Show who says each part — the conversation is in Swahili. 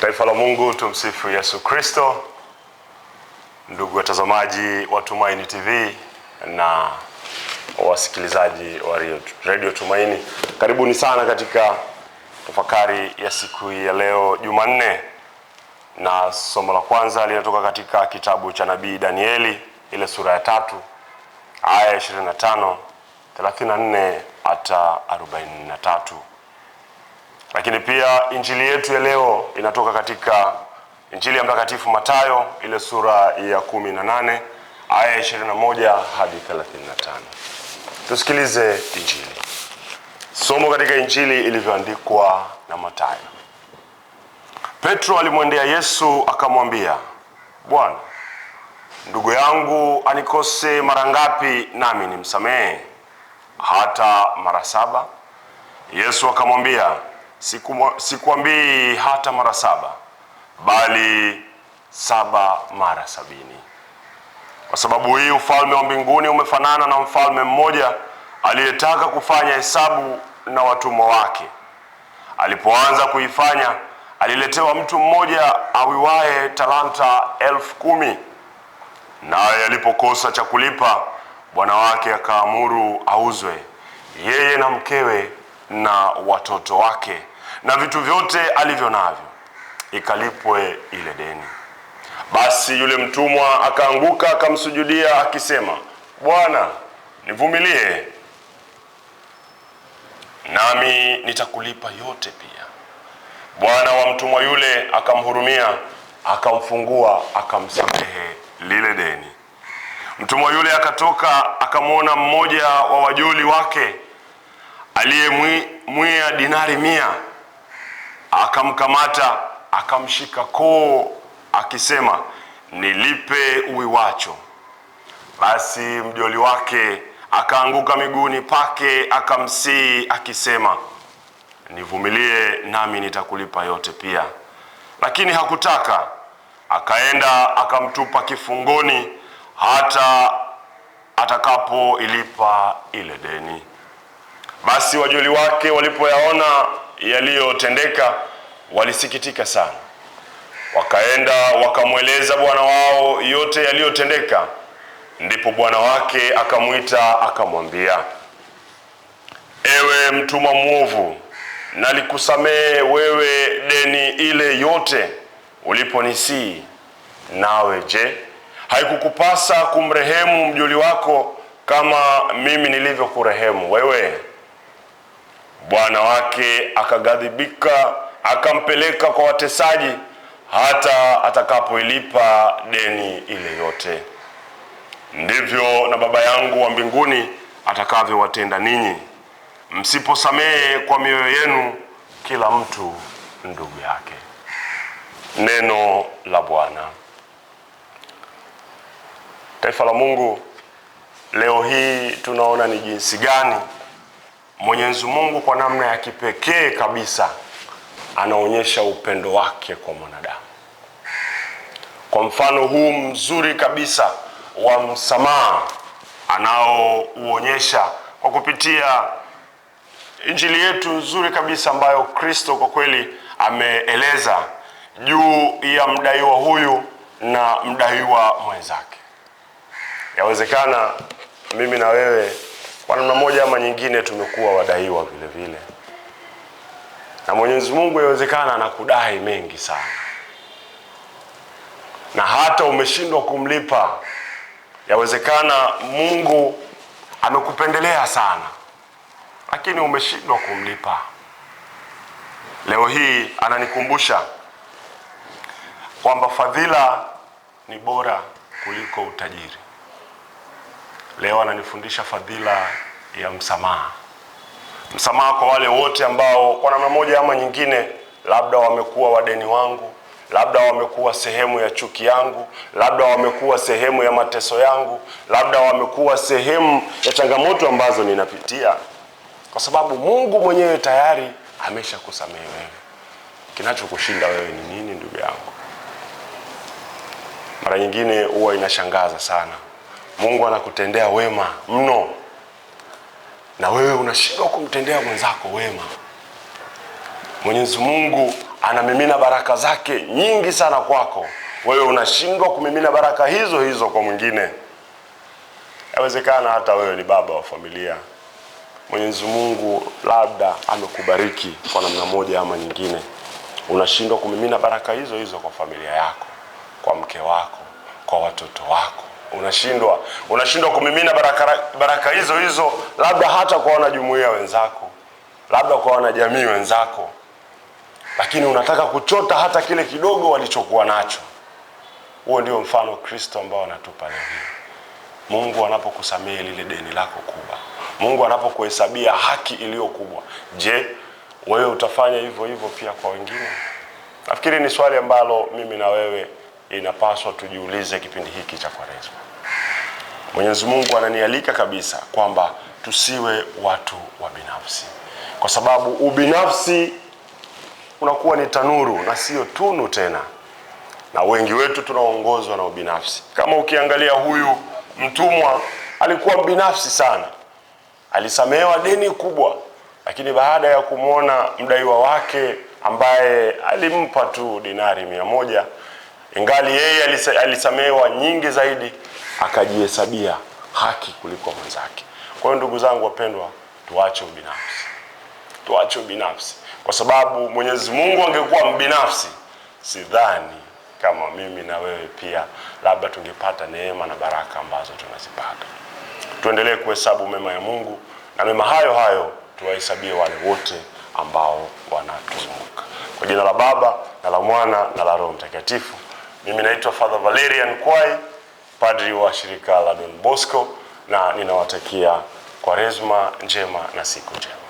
Speaker 1: Taifa la Mungu, tumsifu Yesu Kristo. Ndugu watazamaji wa Tumaini TV na wasikilizaji wa Radio Tumaini, karibuni sana katika tafakari ya siku ya leo Jumanne, na somo la kwanza linatoka katika kitabu cha nabii Danieli ile sura ya tatu aya 25, 34 hata 43. Lakini pia injili yetu ya leo inatoka katika Injili ya Mtakatifu Mathayo ile sura ya 18 aya 21 hadi 35. Tusikilize injili. Somo katika injili ilivyoandikwa na Mathayo. Petro alimwendea Yesu akamwambia, Bwana Ndugu yangu anikose mara ngapi, nami nimsamehe hata mara saba? Yesu akamwambia, sikuambii hata mara saba, bali saba mara sabini. Kwa sababu hii ufalme wa mbinguni umefanana na mfalme mmoja aliyetaka kufanya hesabu na watumwa wake. Alipoanza kuifanya, aliletewa mtu mmoja awiwaye talanta elfu kumi Naye alipokosa cha kulipa, bwana wake akaamuru auzwe, yeye na mkewe na watoto wake na vitu vyote alivyo navyo, ikalipwe ile deni. Basi yule mtumwa akaanguka akamsujudia akisema, Bwana, nivumilie nami nitakulipa yote pia. Bwana wa mtumwa yule akamhurumia, akamfungua, akamsamehe lile deni. Mtumwa yule akatoka akamwona mmoja wa wajoli wake aliyemwia dinari mia, akamkamata akamshika koo akisema, nilipe uwiwacho. Basi mjoli wake akaanguka miguuni pake akamsii akisema, nivumilie nami nitakulipa yote pia. Lakini hakutaka akaenda akamtupa kifungoni hata atakapoilipa ile deni. Basi wajoli wake walipoyaona yaliyotendeka, walisikitika sana, wakaenda wakamweleza bwana wao yote yaliyotendeka. Ndipo bwana wake akamwita akamwambia, ewe mtumwa mwovu, nalikusamehe wewe deni ile yote uliponisii nawe je, haikukupasa kumrehemu mjoli wako kama mimi nilivyokurehemu wewe? Bwana wake akaghadhibika, akampeleka kwa watesaji hata atakapoilipa deni ile yote. Ndivyo na Baba yangu wa mbinguni atakavyowatenda ninyi, msiposamehe kwa mioyo yenu kila mtu ndugu yake. Neno la Bwana. Taifa la Mungu, leo hii tunaona ni jinsi gani Mwenyezi Mungu kwa namna ya kipekee kabisa anaonyesha upendo wake kwa mwanadamu. Kwa mfano huu mzuri kabisa wa msamaha anaouonyesha kwa kupitia Injili yetu nzuri kabisa ambayo Kristo kwa kweli ameeleza juu ya mdaiwa huyu na mdaiwa mwenzake. Yawezekana mimi na wewe kwa namna moja ama nyingine tumekuwa wadaiwa vile vile, na Mwenyezi Mungu yawezekana anakudai mengi sana, na hata umeshindwa kumlipa. Yawezekana Mungu amekupendelea sana, lakini umeshindwa kumlipa. Leo hii ananikumbusha kwamba fadhila ni bora kuliko utajiri. Leo ananifundisha fadhila ya msamaha, msamaha kwa wale wote ambao kwa namna moja ama nyingine labda wamekuwa wadeni wangu, labda wamekuwa sehemu ya chuki yangu, labda wamekuwa sehemu ya mateso yangu, labda wamekuwa sehemu ya changamoto ambazo ninapitia, kwa sababu Mungu mwenyewe tayari ameshakusamehe wewe. Kinachokushinda wewe ni nini, ndugu yangu? mara nyingine huwa inashangaza sana. Mungu anakutendea wema mno, na wewe unashindwa kumtendea mwenzako wema. Mwenyezi Mungu anamimina baraka zake nyingi sana kwako, wewe unashindwa kumimina baraka hizo hizo kwa mwingine. Yawezekana hata wewe ni baba wa familia, Mwenyezi Mungu labda amekubariki kwa namna moja ama nyingine, unashindwa kumimina baraka hizo hizo kwa familia yako kwa mke wako, kwa watoto wako. Unashindwa, unashindwa kumimina baraka, baraka hizo hizo, labda hata kwa wanajumuia wenzako, labda kwa wanajamii wenzako, lakini unataka kuchota hata kile kidogo walichokuwa nacho. Huo ndio mfano Kristo ambao anatupa leo hii. Mungu anapokusamehe lile deni lako kubwa, Mungu anapokuhesabia haki iliyo kubwa, je, wewe utafanya hivyo hivyo pia kwa wengine? Nafikiri ni swali ambalo mimi na wewe inapaswa tujiulize kipindi hiki cha Kwaresma. Mwenyezi Mungu ananialika kabisa kwamba tusiwe watu wa binafsi, kwa sababu ubinafsi unakuwa ni tanuru na sio tunu tena, na wengi wetu tunaongozwa na ubinafsi. Kama ukiangalia huyu mtumwa alikuwa binafsi sana, alisamehewa deni kubwa, lakini baada ya kumwona mdaiwa wake ambaye alimpa tu dinari mia moja ingali yeye alisamehewa nyingi zaidi, akajihesabia haki kuliko mwenzake. Kwa hiyo ndugu zangu wapendwa, tuache ubinafsi, tuache ubinafsi, kwa sababu Mwenyezi Mungu angekuwa mbinafsi, sidhani kama mimi na wewe pia labda tungepata neema na baraka ambazo tunazipata. Tuendelee kuhesabu mema ya Mungu na mema hayo hayo tuwahesabie wale wote ambao wanatuzunguka. Kwa jina la Baba na la Mwana na la Roho Mtakatifu. Mimi naitwa Father Valerian Kwai, padri wa shirika la Don Bosco, na ninawatakia Kwaresma njema na siku njema.